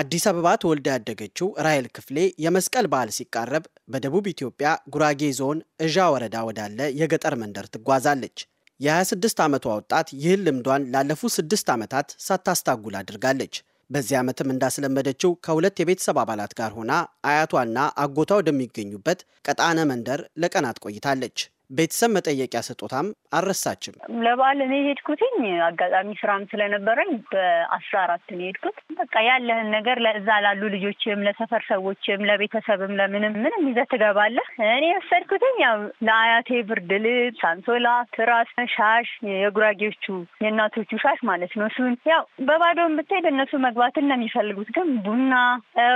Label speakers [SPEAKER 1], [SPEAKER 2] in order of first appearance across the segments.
[SPEAKER 1] አዲስ አበባ ተወልዳ ያደገችው ራይል ክፍሌ የመስቀል በዓል ሲቃረብ በደቡብ ኢትዮጵያ ጉራጌ ዞን እዣ ወረዳ ወዳለ የገጠር መንደር ትጓዛለች። የ26 ዓመቷ ወጣት ይህን ልምዷን ላለፉት ስድስት ዓመታት ሳታስታጉል አድርጋለች። በዚህ ዓመትም እንዳስለመደችው ከሁለት የቤተሰብ አባላት ጋር ሆና አያቷና አጎቷ ወደሚገኙበት ቀጣነ መንደር ለቀናት ቆይታለች። ቤተሰብ መጠየቂያ ስጦታም አልረሳችም።
[SPEAKER 2] ለበዓል እኔ ሄድኩትኝ አጋጣሚ ስራም ስለነበረኝ በአስራ አራት ነው ሄድኩት በቃ ያለህን ነገር ለእዛ ላሉ ልጆችም፣ ለሰፈር ሰዎችም፣ ለቤተሰብም፣ ለምንም ምንም ይዘህ ትገባለህ። እኔ የወሰድኩትኝ ያው ለአያቴ ብርድ ልብስ፣ አንሶላ፣ ትራስ፣ ሻሽ፣ የጉራጌዎቹ የእናቶቹ ሻሽ ማለት ነው። እሱን ያው በባዶን ብትሄድ እነሱ መግባት ነው የሚፈልጉት። ግን ቡና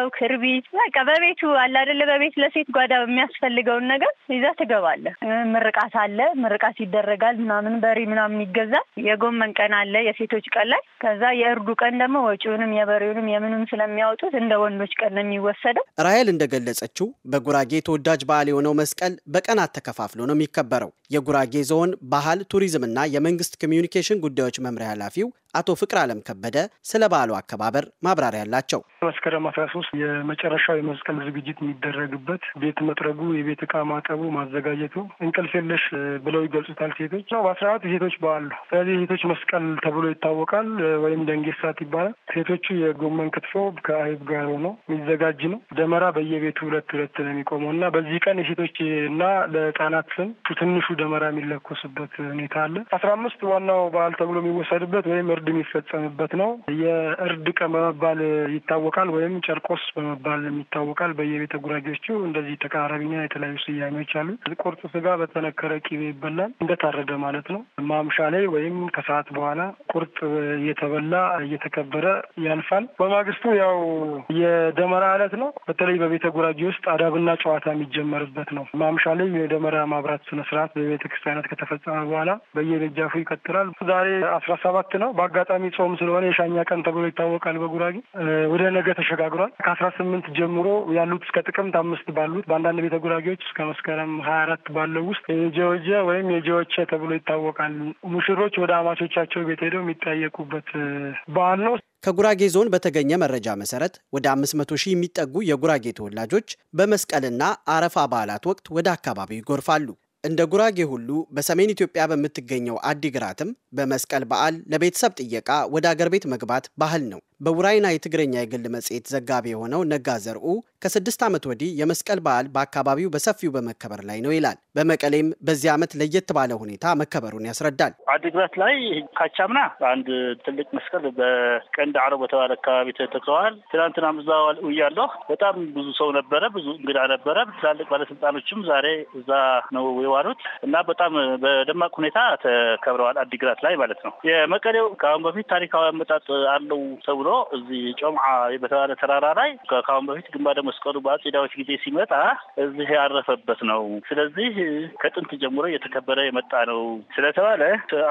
[SPEAKER 2] ው ክርቢት፣ በቃ በቤቱ አለ አይደለ፣ በቤት ለሴት ጓዳ የሚያስፈልገውን ነገር ይዘህ ትገባለህ። ምርቃት አለ። ምርቃት ይደረጋል ምናምን በሬ ምናምን ይገዛል። የጎመን ቀን አለ የሴቶች ቀን ላይ። ከዛ የእርዱ ቀን ደግሞ ወጪውንም የበሬውንም የምኑም ስለሚያወጡት እንደ ወንዶች ቀን ነው የሚወሰደው።
[SPEAKER 1] ራሄል እንደገለጸችው በጉራጌ ተወዳጅ በዓል የሆነው መስቀል በቀናት ተከፋፍሎ ነው የሚከበረው። የጉራጌ ዞን ባህል ቱሪዝምና የመንግስት ኮሚዩኒኬሽን ጉዳዮች መምሪያ ኃላፊው አቶ ፍቅር አለም ከበደ ስለ በዓሉ አከባበር ማብራሪያ አላቸው። መስከረም አስራ ሶስት የመጨረሻው የመስቀል ዝግጅት የሚደረግበት ቤት መጥረጉ፣ የቤት እቃ
[SPEAKER 3] ማጠቡ፣ ማዘጋጀቱ እንቅልፍ የለሽ ብለው ይገልጹታል ሴቶች ነው። በአስራ አራት ሴቶች በዓል ስለዚህ ሴቶች መስቀል ተብሎ ይታወቃል ወይም ደንጌሳት ይባላል። ሴቶቹ የጎመን ክትፎ ከአይብ ጋር ሆኖ የሚዘጋጅ ነው። ደመራ በየቤቱ ሁለት ሁለት ነው የሚቆመው እና በዚህ ቀን የሴቶች እና ለህጻናት ስም ትንሹ ደመራ የሚለኮስበት ሁኔታ አለ። አስራ አምስት ዋናው በዓል ተብሎ የሚወሰድበት ወይም እርድ የሚፈጸምበት ነው። የእርድ ቀን በመባል ይታወቃል፣ ወይም ጨርቆስ በመባል ይታወቃል። በየቤተ ጉራጌዎቹ እንደዚህ ተቀራራቢና የተለያዩ ስያሜዎች አሉ። ቁርጥ ስጋ በተነከረ ቂቤ ይበላል፣ እንደታረደ ማለት ነው። ማምሻ ላይ ወይም ከሰዓት በኋላ ቁርጥ እየተበላ እየተከበረ ያልፋል። በማግስቱ ያው የደመራ ዕለት ነው። በተለይ በቤተ ጉራጌ ውስጥ አዳብና ጨዋታ የሚጀመርበት ነው። ማምሻ ላይ የደመራ ማብራት ስነስርዓት በቤተ ክርስቲያናት ከተፈጸመ በኋላ በየደጃፉ ይቀጥላል። ዛሬ አስራ ሰባት ነው። በአጋጣሚ ጾም ስለሆነ የሻኛ ቀን ተብሎ ይታወቃል በጉራጌ ወደ ነገ ተሸጋግሯል። ከአስራ ስምንት ጀምሮ ያሉት እስከ ጥቅምት አምስት ባሉት በአንዳንድ ቤተ ጉራጌዎች እስከ መስከረም ሀያ አራት ባለው ውስጥ የጀወጀ ወይም የጀወቸ ተብሎ ይታወቃል። ሙሽሮች ወደ
[SPEAKER 1] አማቾቻቸው ቤት ሄደው የሚጠየቁበት በዓል ነው። ከጉራጌ ዞን በተገኘ መረጃ መሰረት ወደ 500 ሺህ የሚጠጉ የጉራጌ ተወላጆች በመስቀልና አረፋ በዓላት ወቅት ወደ አካባቢው ይጎርፋሉ። እንደ ጉራጌ ሁሉ በሰሜን ኢትዮጵያ በምትገኘው አዲግራትም በመስቀል በዓል ለቤተሰብ ጥየቃ ወደ አገር ቤት መግባት ባህል ነው። በውራይና የትግረኛ የግል መጽሔት ዘጋቢ የሆነው ነጋ ዘርኡ ከስድስት ዓመት ወዲህ የመስቀል በዓል በአካባቢው በሰፊው በመከበር ላይ ነው ይላል። በመቀሌም በዚህ ዓመት ለየት ባለ ሁኔታ መከበሩን ያስረዳል።
[SPEAKER 4] አዲግራት ላይ ካቻምና አንድ ትልቅ መስቀል በቀንድ አረ በተባለ አካባቢ ተተክለዋል። ትናንትና ምዛዋል እያለሁ በጣም ብዙ ሰው ነበረ፣ ብዙ እንግዳ ነበረ። ትላልቅ ባለስልጣኖችም ዛሬ እዛ ነው የዋሉት እና በጣም በደማቅ ሁኔታ ተከብረዋል። አዲግራት ላይ ማለት ነው። የመቀሌው ከአሁን በፊት ታሪካዊ አመጣጥ አለው ተብሎ ጀምሮ እዚህ ጮምዓ በተባለ ተራራ ላይ ከአሁን በፊት ግንባደ መስቀሉ በአጼ ዳዊት ጊዜ ሲመጣ እዚህ ያረፈበት ነው። ስለዚህ ከጥንት ጀምሮ እየተከበረ የመጣ ነው ስለተባለ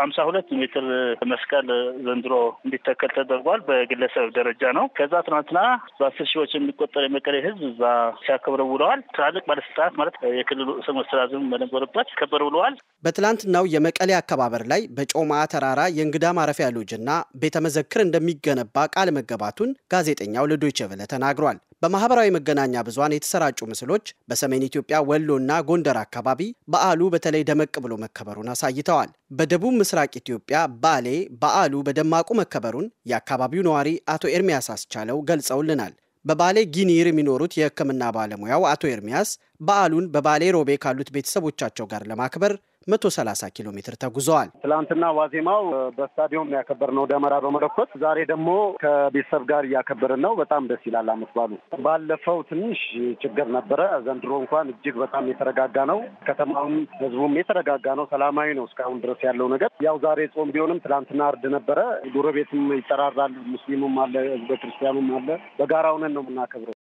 [SPEAKER 4] አምሳ ሁለት ሜትር መስቀል ዘንድሮ እንዲተከል ተደርጓል። በግለሰብ ደረጃ ነው። ከዛ ትናንትና በአስር ሺዎች የሚቆጠር የመቀሌ ህዝብ እዛ ሲያከብረ ውለዋል። ትላልቅ ባለስልጣናት ማለት የክልሉ ርዕሰ መስተዳድር በነበሩበት ከበር ውለዋል።
[SPEAKER 1] በትላንትናው የመቀሌ አከባበር ላይ በጮማ ተራራ የእንግዳ ማረፊያ ሎጅ እና ቤተ መዘክር እንደሚገነባ ቃል አለመገባቱን ጋዜጠኛው ለዶይቼ ቬለ ተናግሯል። በማህበራዊ መገናኛ ብዙሃን የተሰራጩ ምስሎች በሰሜን ኢትዮጵያ ወሎና ጎንደር አካባቢ በዓሉ በተለይ ደመቅ ብሎ መከበሩን አሳይተዋል። በደቡብ ምስራቅ ኢትዮጵያ ባሌ በዓሉ በደማቁ መከበሩን የአካባቢው ነዋሪ አቶ ኤርሚያስ አስቻለው ገልጸውልናል። በባሌ ጊኒር የሚኖሩት የሕክምና ባለሙያው አቶ ኤርሚያስ በዓሉን በባሌ ሮቤ ካሉት ቤተሰቦቻቸው ጋር ለማክበር 130 ኪሎ ሜትር ተጉዘዋል። ትላንትና ዋዜማው
[SPEAKER 3] በስታዲየም ነው ደመራ በመለኮት ዛሬ ደግሞ ከቤተሰብ ጋር እያከበርን ነው። በጣም ደስ ይላል። አመት ባሉ ባለፈው ትንሽ ችግር ነበረ። ዘንድሮ እንኳን እጅግ በጣም የተረጋጋ ነው። ከተማውም ህዝቡም የተረጋጋ ነው። ሰላማዊ ነው እስካሁን ድረስ ያለው ነገር። ያው ዛሬ ጾም ቢሆንም
[SPEAKER 1] ትላንትና እርድ ነበረ። ጎረቤትም ይጠራራል። ሙስሊሙም አለ፣ ህዝበ ክርስቲያኑም አለ። በጋራ ነው የምናከብረው።